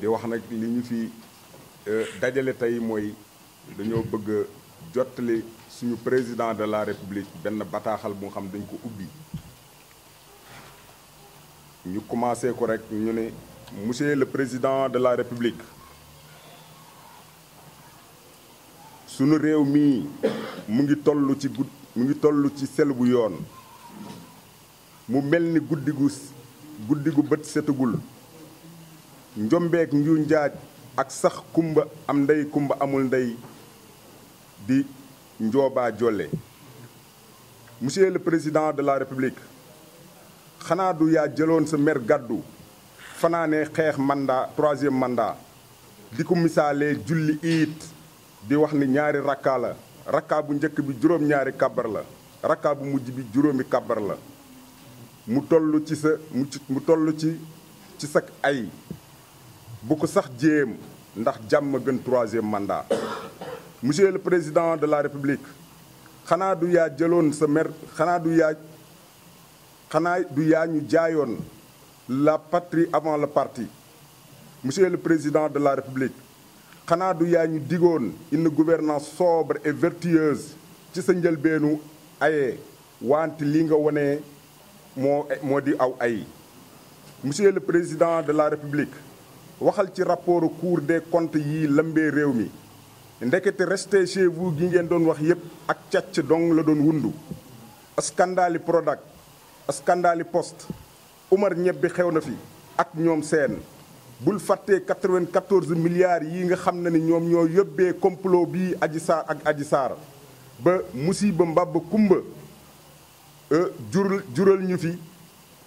di wax nag li ñu fi euh, dajale tey mooy dañoo bëgg a jottali suñu président de la république benn bataaxal bu nga xam dañ ko ubbi ñu commencé ko rek ñu ne monsieur le président de la république suñu réew mii mu ngi toll ci gudd mu ngi tollu ci sel bu yoon mu mel ni guddi gu guddi gu bët setagul njombeek njuuñ njaaj ak sax kumba am ndey kumba amul ndey di njoobaa jolle monsieur le président de la république xanaa du yaa jëloon sa mer gàddu fanaane xeex mandat troisième mandat di ko misaalee julli iit di wax ni ñaari rakkaa la rakkaa bu njëkk bi juróom-ñaari kàbbar la rakkaa bu mujj bi juróomi kàbbar la mu toll ci sa mu toll ci ci sa ay Beaucoup sax djem ndax jàmm gën troisième mandat monsieur le président de la république xanaa du ya jëloon ce mer xanaa du ya xanaa du ya ñu la patrie avant le parti monsieur le président de la république xanaa du ya ñu digone une gouvernance sobre et vertueuse ci sa benu ayé wanti li nga woné mo moo di aw ay monsieur le président de la république waxal ci rapport Cour des comptes yi lëmbee réew mi ndekete restez chez gi ngeen doon wax yépp ak càcc dong la doon wundu scandale Prodac scandale post Umar ñebbi xew na fi ak ñoom seen bul fàtte 94 milliards yi nga xam ne ni ñoom ñoo yóbbee complot bii Adji Sarr ak aji Sarr ba musiba mbàbb kumba euh, jur jural ñu fi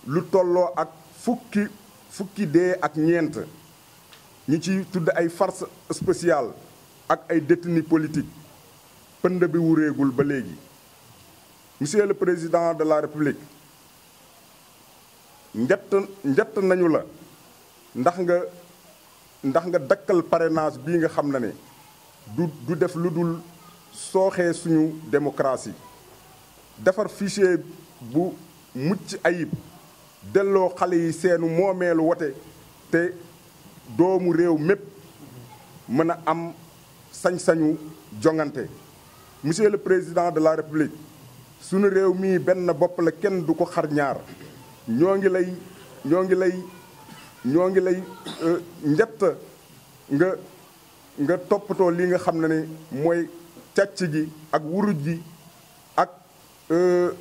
lu tolloo ak fukki fukki dee ak ñeent ñu ci tudd ay farce spéciale ak ay détenus politiques pënd bi wuréegul ba léegi monsieur le président de la république njett nañu la ndax nga ndax nga dakkal parrainage bii nga xam na ne du du def lu dul sooxee suñu démocratie defar fichier bu mucc ayib delloo xale yi seenu moomeelu wote te doomu réew mépp mën a am sañ-sañu jongante monsieur le président de la république sunu réew mii benn bopp la kenn du ko xarñaar ñoo ngi lay ñoo ngi lay ñoo ngi lay euh, njett nga nga toppatoo lii nga xam ne ne mooy càcc gi ak wuruj gi ak euh,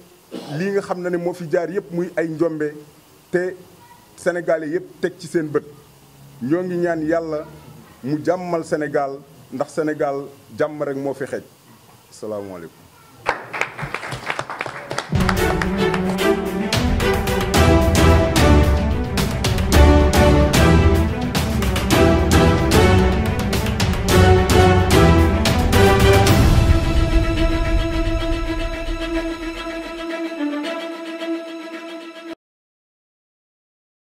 lii nga xam ne ni moo fi jaar yépp muy ay njombe te sénégalais yépp teg ci seen bët ñoo ngi ñaan yàlla mu jàmmal Sénégal ndax Sénégal jàmm rek moo fi xej asalaamaaleykum